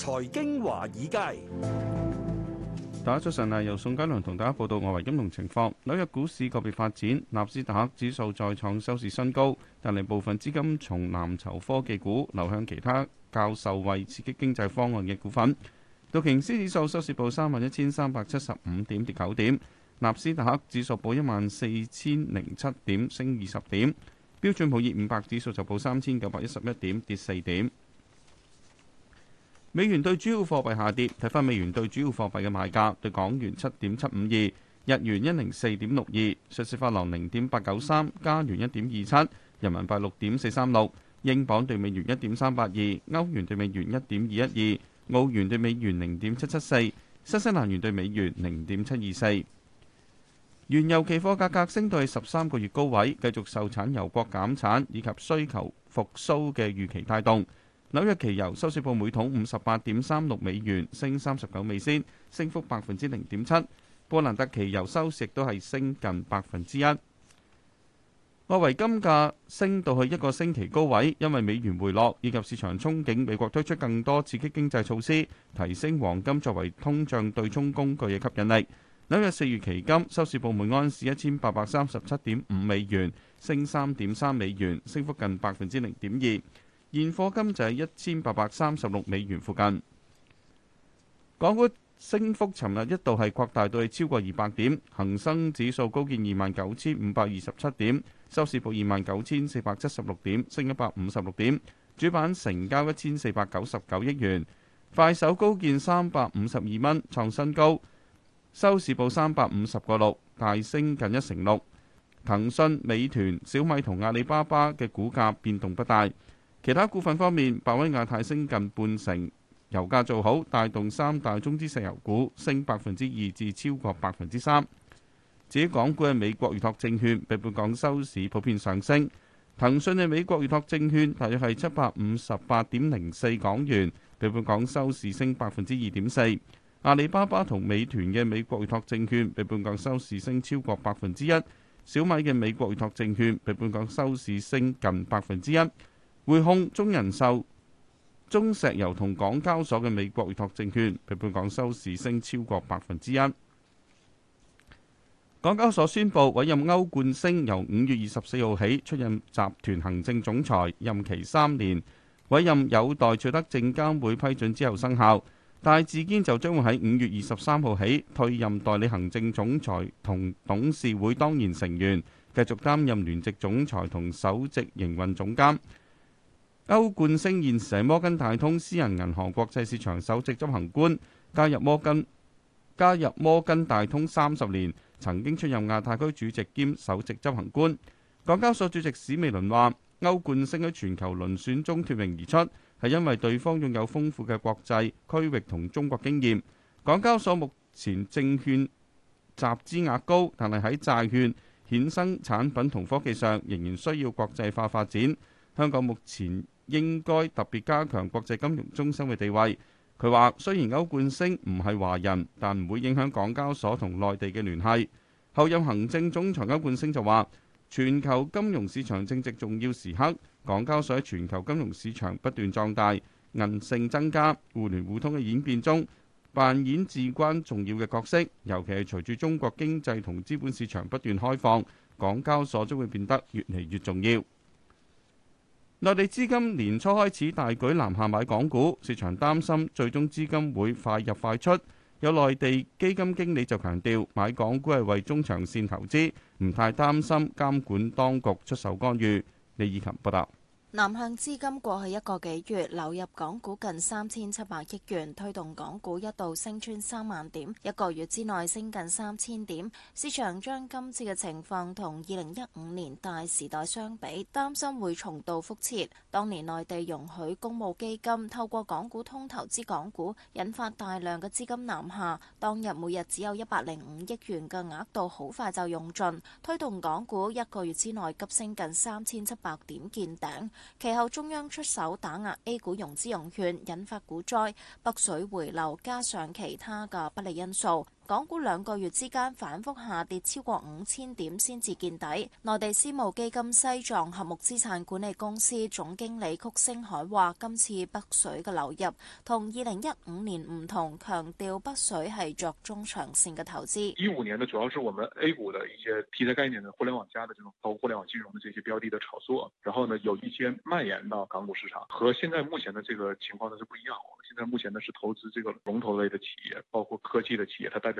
財經華爾街，大家早晨啊！由宋嘉良同大家報道外圍金融情況。紐約股市個別發展，納斯達克指數再創收市新高，但係部分資金從藍籌科技股流向其他較受惠刺激經濟方案嘅股份。道瓊斯指數收市報三萬一千三百七十五點跌九點，納斯達克指數報一萬四千零七點升二十點，標準普爾五百指數就報三千九百一十一點跌四點。美元對主要貨幣下跌，睇翻美元對主要貨幣嘅買價，對港元七點七五二，日元一零四點六二，瑞士法郎零點八九三，加元一點二七，人民幣六點四三六，英鎊對美元一點三八二，歐元對美元一點二一二，澳元對美元零點七七四，新西蘭元對美元零點七二四。原油期貨價格，格升到十三個月高位，繼續受產油國減產以及需求復甦嘅預期帶動。紐約期油收市報每桶五十八點三六美元，升三十九美仙，升幅百分之零點七。波蘭特期油收市亦都係升近百分之一。外圍金價升到去一個星期高位，因為美元回落以及市場憧憬美國推出更多刺激經濟措施，提升黃金作為通脹對沖工具嘅吸引力。紐約四月期金收市報每安士一千八百三十七點五美元，升三點三美元，升幅近百分之零點二。現貨金就係一千八百三十六美元附近。港股升幅尋日一度係擴大到超過二百點，恒生指數高見二萬九千五百二十七點，收市報二萬九千四百七十六點，升一百五十六點。主板成交一千四百九十九億元。快手高見三百五十二蚊，創新高，收市報三百五十個六，大升近一成六。騰訊、美團、小米同阿里巴巴嘅股價變動不大。其他股份方面，百威亞太升近半成，油價做好，帶動三大中資石油股升百分之二至超過百分之三。至於港股嘅美國預託證券，比本港收市普遍上升。騰訊嘅美國預託證券，大約係七百五十八點零四港元，比本港收市升百分之二點四。阿里巴巴同美團嘅美國預託證券，比本港收市升超過百分之一。小米嘅美國預託證券，比本港收市升近百分之一。匯控、中人壽、中石油同港交所嘅美國預託證券，比本港收市升超過百分之一。港交所宣布委任歐冠昇由五月二十四號起出任集團行政總裁，任期三年。委任有待取得證監會批准之後生效。戴志堅就將會喺五月二十三號起退任代理行政總裁同董事會當然成員，繼續擔任聯席總裁同首席營運總監。歐冠星現時係摩根大通私人銀行國際市場首席執行官，加入摩根加入摩根大通三十年，曾經出任亞太區主席兼首席執行官。港交所主席史美倫話：歐冠星喺全球輪選中脫穎而出，係因為對方擁有豐富嘅國際區域同中國經驗。港交所目前證券集資額高，但係喺債券衍生產品同科技上仍然需要國際化發展。香港目前。應該特別加強國際金融中心嘅地位。佢話：雖然歐冠昇唔係華人，但唔會影響港交所同內地嘅聯繫。候任行政總裁歐冠昇就話：全球金融市場正值重要時刻，港交所喺全球金融市場不斷壯大、韌性增加、互聯互通嘅演變中，扮演至關重要嘅角色。尤其係隨住中國經濟同資本市場不斷開放，港交所將會變得越嚟越重要。內地資金年初開始大舉南下買港股，市場擔心最終資金會快入快出。有內地基金經理就強調，買港股係為中長線投資，唔太擔心監管當局出手干預。李以琴報道。南向資金過去一個幾月流入港股近三千七百億元，推動港股一度升穿三萬點，一個月之內升近三千點。市場將今次嘅情況同二零一五年大時代相比，擔心會重蹈覆轍。當年內地容許公募基金透過港股通投資港股，引發大量嘅資金南下。當日每日只有一百零五億元嘅額度，好快就用盡，推動港股一個月之內急升近三千七百點見頂。其後中央出手打壓 A 股融資融券，引發股災，北水回流，加上其他嘅不利因素。港股兩個月之間反覆下跌超過五千點先至見底。內地私募基金西藏合目資產管理公司總經理曲星海話：今次北水嘅流入2015同二零一五年唔同，強調北水係作中長線嘅投資。一五年呢，主要是我們 A 股的一些替代概念的、互聯網加的這種，包括互聯網金融的這些標的的炒作，然後呢，有一些蔓延到港股市場，和現在目前的這個情況呢是不一樣。我們現在目前呢是投資這個龍頭類的企業，包括科技的企業，它代表。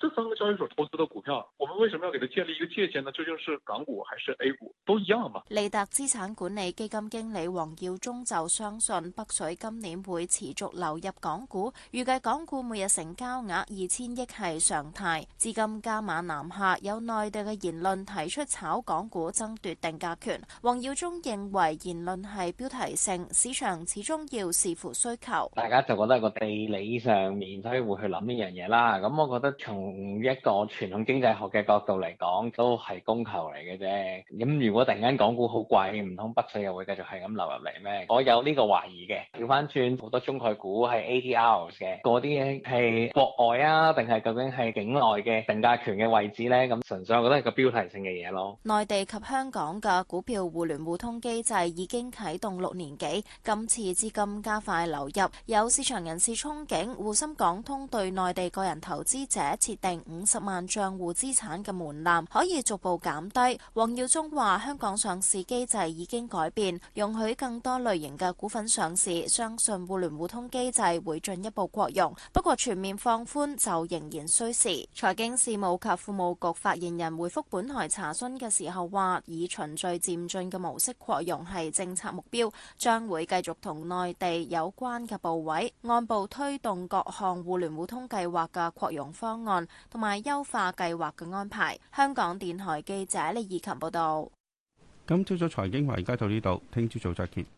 這三個交易所投資的股票，我們為什麼要給它建立一個界限呢？究竟是港股還是 A 股都一樣嘛？利達資產管理基金經理黃耀忠就相信北水今年會持續流入港股，預計港股每日成交額二千億係常態。資金加碼南下，有內地嘅言論提出炒港股爭奪定價權。黃耀忠認為言論係標題性，市場始終要視乎需求。大家就覺得個地理上面，所以會去諗呢樣嘢啦。咁我覺得從從一個傳統經濟學嘅角度嚟講，都係供求嚟嘅啫。咁如果突然間港股好貴，唔通北水又會繼續係咁流入嚟咩？我有呢個懷疑嘅。調返轉，好多中概股係 ADR 嘅，嗰啲嘢係國外啊，定係究竟係境內嘅定價權嘅位置呢？咁純粹我覺得係個標題性嘅嘢咯。內地及香港嘅股票互聯互通機制已經啟動六年幾，今次資金加快流入，有市場人士憧憬滬深港通對內地個人投資者設定五十萬賬戶資產嘅門檻可以逐步減低。黃耀忠話香港上市機制已經改變容許更多類型嘅股份上市，相信互聯互通機制會進一步擴容。不過全面放寬就仍然需時財經事務及庫務局發言人回覆本台查詢嘅時候話以循序漸進嘅模式擴容係政策目標將會繼續同內地有關嘅部委按部推動各項互聯互通計劃嘅擴容方案。同埋優化計劃嘅安排。香港電台記者李義琴報道。今朝早財經華爾街到呢度，聽朝早再見。